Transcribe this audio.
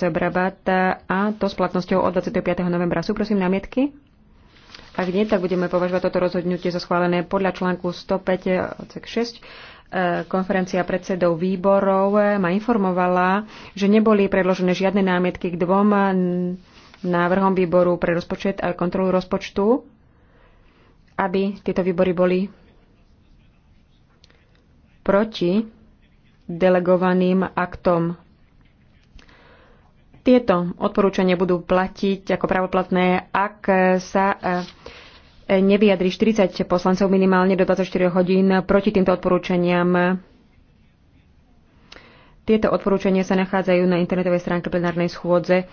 Brabata a to s platnosťou od 25. novembra. Sú prosím námietky? Ak nie, tak budeme považovať toto rozhodnutie za schválené podľa článku 105 odsek 6. E, konferencia predsedov výborov ma informovala, že neboli predložené žiadne námietky k dvom návrhom výboru pre rozpočet a kontrolu rozpočtu, aby tieto výbory boli proti delegovaným aktom tieto odporúčania budú platiť ako pravoplatné, ak sa e, nevyjadri 40 poslancov minimálne do 24 hodín proti týmto odporúčaniam. Tieto odporúčania sa nachádzajú na internetovej stránke plenárnej schôdze.